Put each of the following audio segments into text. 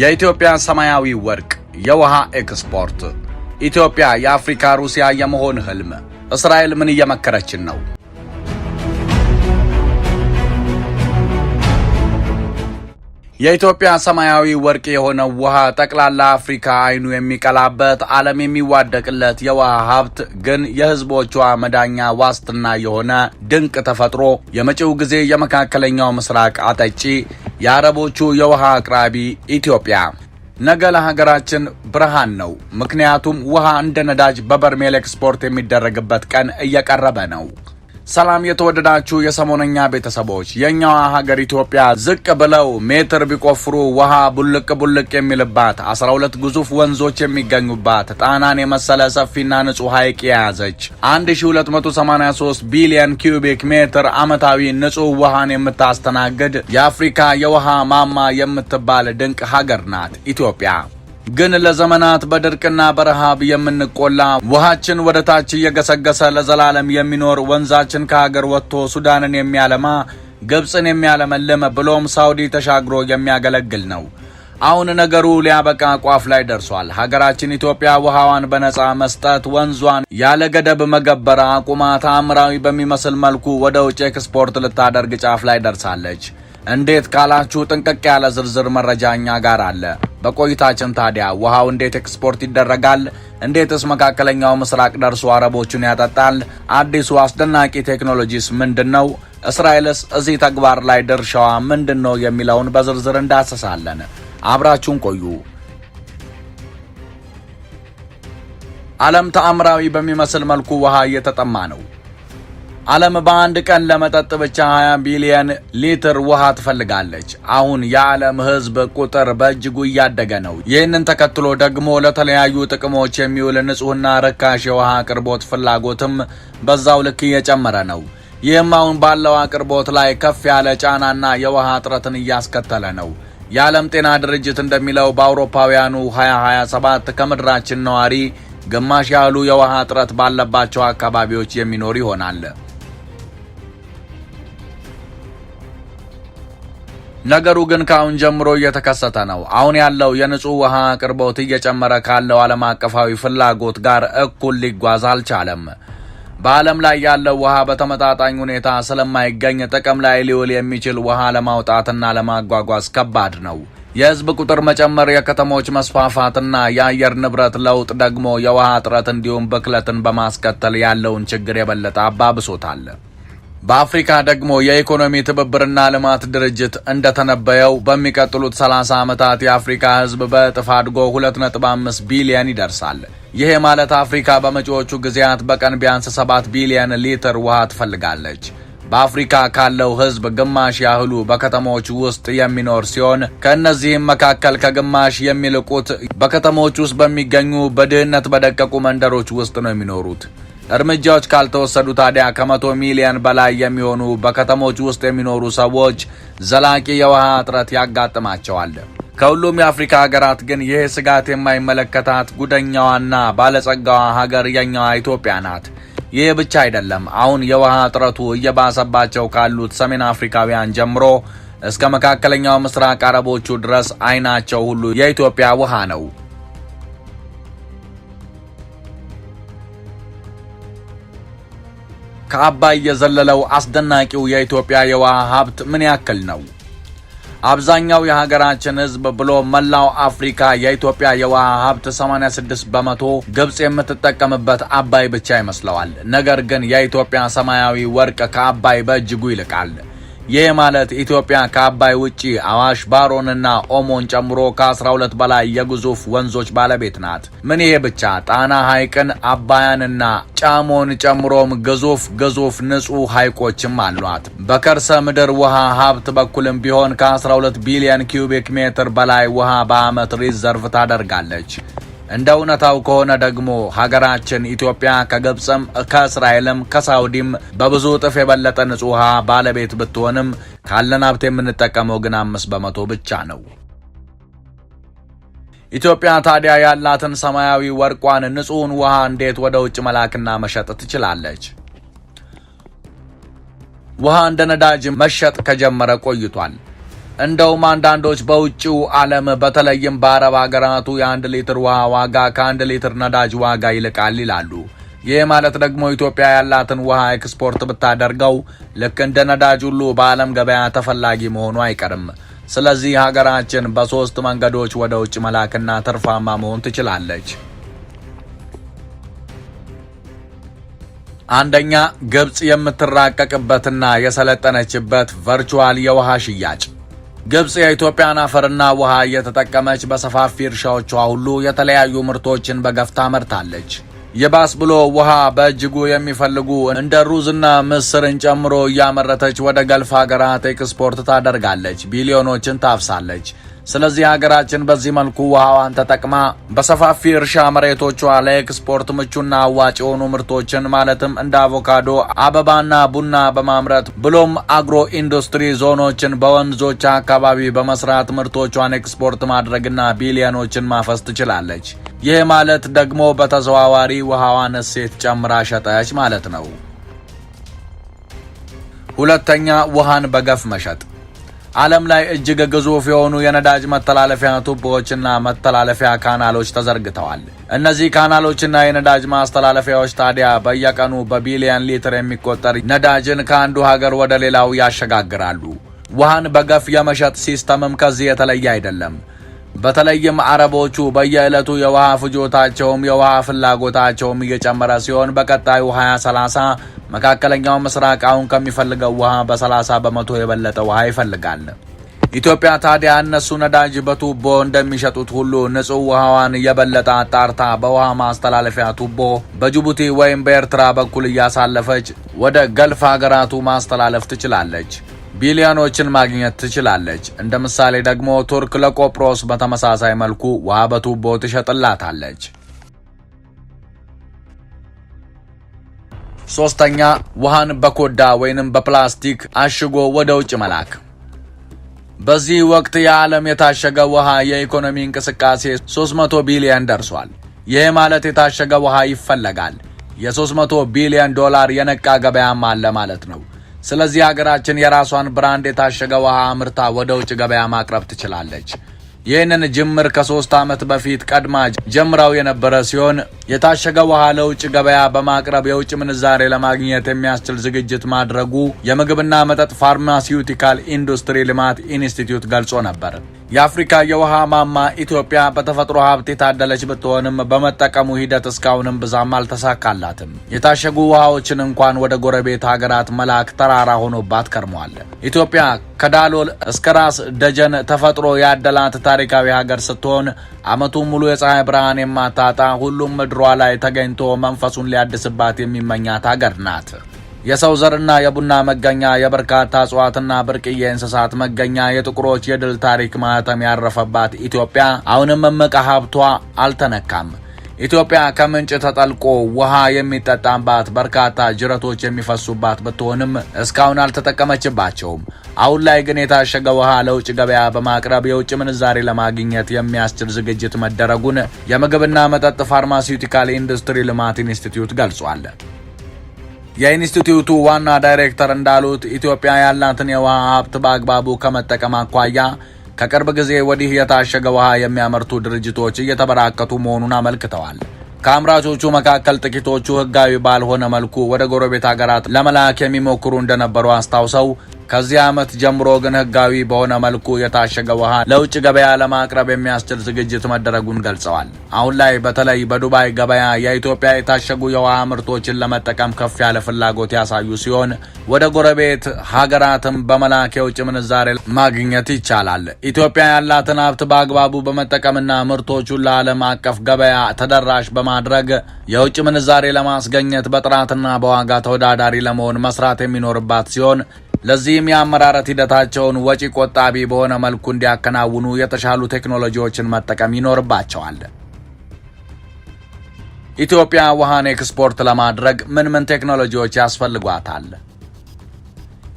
የኢትዮጵያ ሰማያዊ ወርቅ የውሃ ኤክስፖርት። ኢትዮጵያ የአፍሪካ ሩሲያ የመሆን ህልም። እስራኤል ምን እየመከረችን ነው? የኢትዮጵያ ሰማያዊ ወርቅ የሆነው ውሃ ጠቅላላ አፍሪካ አይኑ የሚቀላበት ዓለም የሚዋደቅለት የውሃ ሀብት ግን የህዝቦቿ መዳኛ ዋስትና የሆነ ድንቅ ተፈጥሮ የመጪው ጊዜ የመካከለኛው ምስራቅ አጠጪ የአረቦቹ የውሃ አቅራቢ ኢትዮጵያ ነገ ለሀገራችን ብርሃን ነው። ምክንያቱም ውሃ እንደ ነዳጅ በበርሜል ኤክስፖርት የሚደረግበት ቀን እየቀረበ ነው። ሰላም የተወደዳችሁ የሰሞነኛ ቤተሰቦች፣ የእኛዋ ሀገር ኢትዮጵያ ዝቅ ብለው ሜትር ቢቆፍሩ ውሃ ቡልቅ ቡልቅ የሚልባት 12 ግዙፍ ወንዞች የሚገኙባት ጣናን የመሰለ ሰፊና ንጹህ ሐይቅ የያዘች 1283 ቢሊየን ኪዩቢክ ሜትር ዓመታዊ ንጹህ ውሃን የምታስተናግድ የአፍሪካ የውሃ ማማ የምትባል ድንቅ ሀገር ናት ኢትዮጵያ። ግን ለዘመናት በድርቅና በረሃብ የምንቆላ ውሃችን ወደ ታች እየገሰገሰ ለዘላለም የሚኖር ወንዛችን ከሀገር ወጥቶ ሱዳንን የሚያለማ ግብፅን የሚያለመልም ብሎም ሳውዲ ተሻግሮ የሚያገለግል ነው። አሁን ነገሩ ሊያበቃ ቋፍ ላይ ደርሷል። ሀገራችን ኢትዮጵያ ውሃዋን በነፃ መስጠት፣ ወንዟን ያለ ገደብ መገበር አቁማ ተአምራዊ በሚመስል መልኩ ወደ ውጭ ኤክስፖርት ልታደርግ ጫፍ ላይ ደርሳለች። እንዴት ካላችሁ ጥንቅቅ ያለ ዝርዝር መረጃ እኛ ጋር አለ። በቆይታችን ታዲያ ውሃው እንዴት ኤክስፖርት ይደረጋል? እንዴትስ መካከለኛው ምስራቅ ደርሶ አረቦቹን ያጠጣል? አዲሱ አስደናቂ ቴክኖሎጂስ ምንድን ነው? እስራኤልስ እዚህ ተግባር ላይ ድርሻዋ ምንድን ነው? የሚለውን በዝርዝር እንዳሰሳለን። አብራችሁን ቆዩ። ዓለም ተአምራዊ በሚመስል መልኩ ውሃ እየተጠማ ነው። ዓለም በአንድ ቀን ለመጠጥ ብቻ 20 ቢሊየን ሊትር ውሃ ትፈልጋለች። አሁን የዓለም ሕዝብ ቁጥር በእጅጉ እያደገ ነው። ይህንን ተከትሎ ደግሞ ለተለያዩ ጥቅሞች የሚውል ንጹህና ርካሽ የውሃ አቅርቦት ፍላጎትም በዛው ልክ እየጨመረ ነው። ይህም አሁን ባለው አቅርቦት ላይ ከፍ ያለ ጫናና የውሃ እጥረትን እያስከተለ ነው። የዓለም ጤና ድርጅት እንደሚለው በአውሮፓውያኑ 2027 ከምድራችን ነዋሪ ግማሽ ያህሉ የውሃ እጥረት ባለባቸው አካባቢዎች የሚኖር ይሆናል። ነገሩ ግን ከአሁን ጀምሮ እየተከሰተ ነው። አሁን ያለው የንጹህ ውሃ አቅርቦት እየጨመረ ካለው ዓለም አቀፋዊ ፍላጎት ጋር እኩል ሊጓዝ አልቻለም። በዓለም ላይ ያለው ውሃ በተመጣጣኝ ሁኔታ ስለማይገኝ ጥቅም ላይ ሊውል የሚችል ውሃ ለማውጣትና ለማጓጓዝ ከባድ ነው። የሕዝብ ቁጥር መጨመር፣ የከተሞች መስፋፋትና የአየር ንብረት ለውጥ ደግሞ የውሃ እጥረት እንዲሁም ብክለትን በማስከተል ያለውን ችግር የበለጠ አባብሶታል። በአፍሪካ ደግሞ የኢኮኖሚ ትብብርና ልማት ድርጅት እንደተነበየው በሚቀጥሉት 30 ዓመታት የአፍሪካ ህዝብ በእጥፍ አድጎ 2.5 ቢሊየን ይደርሳል። ይሄ ማለት አፍሪካ በመጪዎቹ ጊዜያት በቀን ቢያንስ 7 ቢሊየን ሊትር ውሃ ትፈልጋለች። በአፍሪካ ካለው ህዝብ ግማሽ ያህሉ በከተሞች ውስጥ የሚኖር ሲሆን ከእነዚህም መካከል ከግማሽ የሚልቁት በከተሞች ውስጥ በሚገኙ በድህነት በደቀቁ መንደሮች ውስጥ ነው የሚኖሩት። እርምጃዎች ካልተወሰዱ ታዲያ ከመቶ ሚሊዮን በላይ የሚሆኑ በከተሞች ውስጥ የሚኖሩ ሰዎች ዘላቂ የውሃ እጥረት ያጋጥማቸዋል። ከሁሉም የአፍሪካ ሀገራት ግን ይህ ስጋት የማይመለከታት ጉደኛዋና ባለጸጋዋ ሀገር የኛዋ ኢትዮጵያ ናት። ይህ ብቻ አይደለም። አሁን የውሃ እጥረቱ እየባሰባቸው ካሉት ሰሜን አፍሪካውያን ጀምሮ እስከ መካከለኛው ምስራቅ አረቦቹ ድረስ አይናቸው ሁሉ የኢትዮጵያ ውሃ ነው። ከአባይ የዘለለው አስደናቂው የኢትዮጵያ የውሃ ሀብት ምን ያክል ነው? አብዛኛው የሀገራችን ሕዝብ ብሎ መላው አፍሪካ የኢትዮጵያ የውሃ ሀብት 86 በመቶ ግብፅ የምትጠቀምበት አባይ ብቻ ይመስለዋል። ነገር ግን የኢትዮጵያ ሰማያዊ ወርቅ ከአባይ በእጅጉ ይልቃል። ይህ ማለት ኢትዮጵያ ከአባይ ውጪ አዋሽ ባሮንና ኦሞን ጨምሮ ከ12 በላይ የግዙፍ ወንዞች ባለቤት ናት። ምን ይሄ ብቻ ጣና ሐይቅን አባያንና ጫሞን ጨምሮም ግዙፍ ግዙፍ ንጹህ ሐይቆችም አሏት። በከርሰ ምድር ውሃ ሀብት በኩልም ቢሆን ከ12 ቢሊዮን ኪዩቢክ ሜትር በላይ ውሃ በዓመት ሪዘርቭ ታደርጋለች። እንደ እውነታው ከሆነ ደግሞ ሀገራችን ኢትዮጵያ ከግብፅም ከእስራኤልም ከሳውዲም በብዙ እጥፍ የበለጠ ንጹህ ውሃ ባለቤት ብትሆንም ካለን ሀብት የምንጠቀመው ግን አምስት በመቶ ብቻ ነው። ኢትዮጵያ ታዲያ ያላትን ሰማያዊ ወርቋን ንጹህን ውሃ እንዴት ወደ ውጭ መላክና መሸጥ ትችላለች? ውሃ እንደ ነዳጅ መሸጥ ከጀመረ ቆይቷል። እንደውም አንዳንዶች በውጭው ዓለም በተለይም በአረብ ሀገራቱ የአንድ ሊትር ውሃ ዋጋ ከአንድ ሊትር ነዳጅ ዋጋ ይልቃል ይላሉ። ይህ ማለት ደግሞ ኢትዮጵያ ያላትን ውሃ ኤክስፖርት ብታደርገው ልክ እንደ ነዳጅ ሁሉ በዓለም ገበያ ተፈላጊ መሆኑ አይቀርም። ስለዚህ ሀገራችን በሶስት መንገዶች ወደ ውጭ መላክና ትርፋማ መሆን ትችላለች። አንደኛ፣ ግብፅ የምትራቀቅበትና የሰለጠነችበት ቨርቹዋል የውሃ ሽያጭ ግብጽ የኢትዮጵያን አፈርና ውሃ እየተጠቀመች በሰፋፊ እርሻዎቿ ሁሉ የተለያዩ ምርቶችን በገፍ ታመርታለች። የባስ ብሎ ውሃ በእጅጉ የሚፈልጉ እንደ ሩዝና ምስርን ጨምሮ እያመረተች ወደ ገልፍ ሀገራት ኤክስፖርት ታደርጋለች፣ ቢሊዮኖችን ታፍሳለች። ስለዚህ ሀገራችን በዚህ መልኩ ውሃዋን ተጠቅማ በሰፋፊ እርሻ መሬቶቿ ለኤክስፖርት ምቹና አዋጭ የሆኑ ምርቶችን ማለትም እንደ አቮካዶ፣ አበባና ቡና በማምረት ብሎም አግሮ ኢንዱስትሪ ዞኖችን በወንዞች አካባቢ በመስራት ምርቶቿን ኤክስፖርት ማድረግና ቢሊዮኖችን ማፈስ ትችላለች። ይህ ማለት ደግሞ በተዘዋዋሪ ውሃዋን እሴት ጨምራ ሸጠች ማለት ነው። ሁለተኛ ውሃን በገፍ መሸጥ ዓለም ላይ እጅግ ግዙፍ የሆኑ የነዳጅ መተላለፊያ ቱቦዎችና መተላለፊያ ካናሎች ተዘርግተዋል። እነዚህ ካናሎችና የነዳጅ ማስተላለፊያዎች ታዲያ በየቀኑ በቢሊየን ሊትር የሚቆጠር ነዳጅን ከአንዱ ሀገር ወደ ሌላው ያሸጋግራሉ። ውሃን በገፍ የመሸጥ ሲስተምም ከዚህ የተለየ አይደለም። በተለይም አረቦቹ በየዕለቱ የውሃ ፍጆታቸውም የውሃ ፍላጎታቸውም እየጨመረ ሲሆን በቀጣዩ 2030 መካከለኛው ምስራቅ አሁን ከሚፈልገው ውሃ በ30 በመቶ የበለጠ ውሃ ይፈልጋል። ኢትዮጵያ ታዲያ እነሱ ነዳጅ በቱቦ እንደሚሸጡት ሁሉ ንጹህ ውሃዋን የበለጠ አጣርታ በውሃ ማስተላለፊያ ቱቦ በጅቡቲ ወይም በኤርትራ በኩል እያሳለፈች ወደ ገልፍ ሀገራቱ ማስተላለፍ ትችላለች። ቢሊዮኖችን ማግኘት ትችላለች። እንደ ምሳሌ ደግሞ ቱርክ ለቆጵሮስ በተመሳሳይ መልኩ ውሃ በቱቦ ትሸጥላታለች። ሶስተኛ ውሃን በኮዳ ወይንም በፕላስቲክ አሽጎ ወደ ውጭ መላክ። በዚህ ወቅት የዓለም የታሸገ ውሃ የኢኮኖሚ እንቅስቃሴ 300 ቢሊዮን ደርሷል። ይህ ማለት የታሸገ ውሃ ይፈለጋል። የ300 ቢሊዮን ዶላር የነቃ ገበያም አለ ማለት ነው። ስለዚህ ሀገራችን የራሷን ብራንድ የታሸገ ውሃ አምርታ ወደ ውጭ ገበያ ማቅረብ ትችላለች። ይህንን ጅምር ከሶስት ዓመት በፊት ቀድማ ጀምራው የነበረ ሲሆን የታሸገ ውሃ ለውጭ ገበያ በማቅረብ የውጭ ምንዛሬ ለማግኘት የሚያስችል ዝግጅት ማድረጉ የምግብና መጠጥ ፋርማሲዩቲካል ኢንዱስትሪ ልማት ኢንስቲትዩት ገልጾ ነበር። የአፍሪካ የውሃ ማማ ኢትዮጵያ በተፈጥሮ ሀብት የታደለች ብትሆንም በመጠቀሙ ሂደት እስካሁንም ብዛም አልተሳካላትም። የታሸጉ ውሃዎችን እንኳን ወደ ጎረቤት ሀገራት መላክ ተራራ ሆኖባት ከርሟል። ኢትዮጵያ ከዳሎል እስከ ራስ ደጀን ተፈጥሮ ያደላት ታሪካዊ ሀገር ስትሆን ዓመቱን ሙሉ የፀሐይ ብርሃን የማታጣ ሁሉም ምድሯ ላይ ተገኝቶ መንፈሱን ሊያድስባት የሚመኛት ሀገር ናት። የሰው ዘርና የቡና መገኛ፣ የበርካታ እጽዋትና ብርቅዬ እንስሳት መገኛ፣ የጥቁሮች የድል ታሪክ ማህተም ያረፈባት ኢትዮጵያ አሁንም እምቅ ሀብቷ አልተነካም። ኢትዮጵያ ከምንጭ ተጠልቆ ውሃ የሚጠጣባት በርካታ ጅረቶች የሚፈሱባት ብትሆንም እስካሁን አልተጠቀመችባቸውም። አሁን ላይ ግን የታሸገ ውሃ ለውጭ ገበያ በማቅረብ የውጭ ምንዛሬ ለማግኘት የሚያስችል ዝግጅት መደረጉን የምግብና መጠጥ ፋርማሲውቲካል ኢንዱስትሪ ልማት ኢንስቲትዩት ገልጿል። የኢንስቲትዩቱ ዋና ዳይሬክተር እንዳሉት ኢትዮጵያ ያላትን የውሃ ሀብት በአግባቡ ከመጠቀም አኳያ ከቅርብ ጊዜ ወዲህ የታሸገ ውሃ የሚያመርቱ ድርጅቶች እየተበራከቱ መሆኑን አመልክተዋል። ከአምራቾቹ መካከል ጥቂቶቹ ሕጋዊ ባልሆነ መልኩ ወደ ጎረቤት ሀገራት ለመላክ የሚሞክሩ እንደነበሩ አስታውሰው ከዚህ ዓመት ጀምሮ ግን ህጋዊ በሆነ መልኩ የታሸገ ውሃ ለውጭ ገበያ ለማቅረብ የሚያስችል ዝግጅት መደረጉን ገልጸዋል። አሁን ላይ በተለይ በዱባይ ገበያ የኢትዮጵያ የታሸጉ የውሃ ምርቶችን ለመጠቀም ከፍ ያለ ፍላጎት ያሳዩ ሲሆን ወደ ጎረቤት ሀገራትም በመላክ የውጭ ምንዛሬ ማግኘት ይቻላል። ኢትዮጵያ ያላትን ሀብት በአግባቡ በመጠቀምና ምርቶቹን ለዓለም አቀፍ ገበያ ተደራሽ በማድረግ የውጭ ምንዛሬ ለማስገኘት በጥራትና በዋጋ ተወዳዳሪ ለመሆን መስራት የሚኖርባት ሲሆን ለዚህም የአመራረት ሂደታቸውን ወጪ ቆጣቢ በሆነ መልኩ እንዲያከናውኑ የተሻሉ ቴክኖሎጂዎችን መጠቀም ይኖርባቸዋል። ኢትዮጵያ ውሃን ኤክስፖርት ለማድረግ ምን ምን ቴክኖሎጂዎች ያስፈልጓታል?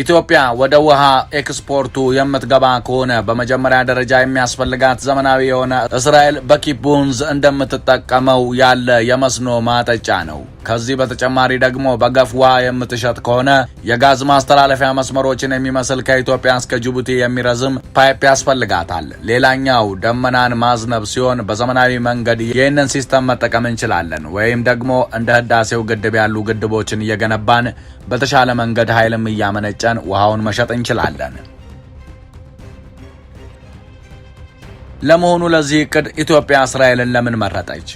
ኢትዮጵያ ወደ ውሃ ኤክስፖርቱ የምትገባ ከሆነ በመጀመሪያ ደረጃ የሚያስፈልጋት ዘመናዊ የሆነ እስራኤል በኪቡንዝ እንደምትጠቀመው ያለ የመስኖ ማጠጫ ነው። ከዚህ በተጨማሪ ደግሞ በገፍ ውሃ የምትሸጥ ከሆነ የጋዝ ማስተላለፊያ መስመሮችን የሚመስል ከኢትዮጵያ እስከ ጅቡቲ የሚረዝም ፓይፕ ያስፈልጋታል። ሌላኛው ደመናን ማዝነብ ሲሆን በዘመናዊ መንገድ ይህንን ሲስተም መጠቀም እንችላለን። ወይም ደግሞ እንደ ህዳሴው ግድብ ያሉ ግድቦችን እየገነባን በተሻለ መንገድ ኃይልም እያመነ እየፈጨን ውሃውን መሸጥ እንችላለን። ለመሆኑ ለዚህ እቅድ ኢትዮጵያ እስራኤልን ለምን መረጠች?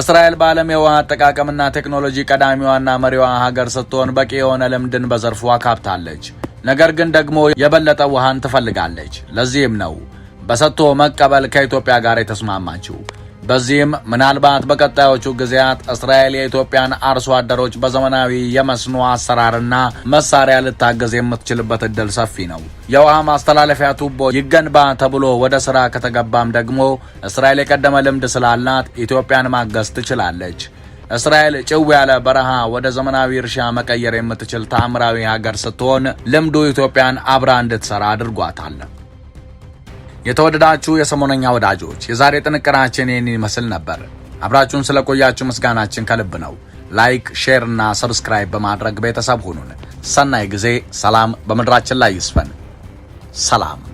እስራኤል በዓለም የውሃ አጠቃቀምና ቴክኖሎጂ ቀዳሚዋና መሪዋ ሀገር ስትሆን በቂ የሆነ ልምድን በዘርፉ አካብታለች። ነገር ግን ደግሞ የበለጠ ውሃን ትፈልጋለች። ለዚህም ነው በሰጥቶ መቀበል ከኢትዮጵያ ጋር የተስማማችው። በዚህም ምናልባት በቀጣዮቹ ጊዜያት እስራኤል የኢትዮጵያን አርሶ አደሮች በዘመናዊ የመስኖ አሰራርና መሳሪያ ልታገዝ የምትችልበት እድል ሰፊ ነው። የውሃ ማስተላለፊያ ቱቦ ይገንባ ተብሎ ወደ ስራ ከተገባም ደግሞ እስራኤል የቀደመ ልምድ ስላላት ኢትዮጵያን ማገዝ ትችላለች። እስራኤል ጭው ያለ በረሃ ወደ ዘመናዊ እርሻ መቀየር የምትችል ተአምራዊ ሀገር ስትሆን ልምዱ ኢትዮጵያን አብራ እንድትሰራ አድርጓታል። የተወደዳችሁ የሰሞነኛ ወዳጆች የዛሬ ጥንቅራችን ይህን ይመስል ነበር። አብራችሁን ስለቆያችሁ ምስጋናችን ከልብ ነው። ላይክ፣ ሼር እና ሰብስክራይብ በማድረግ ቤተሰብ ሁኑን። ሰናይ ጊዜ። ሰላም በምድራችን ላይ ይስፈን። ሰላም